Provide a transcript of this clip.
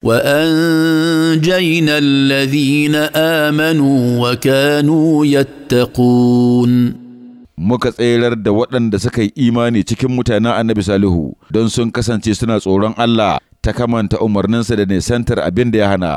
وانجينا الذين امنوا وكانوا يتقون muka tserar da waɗanda suka yi imani cikin mutanen annabi salihu don sun kasance suna tsoron Allah ta kamanta umarninsa da nisantar abin da ya hana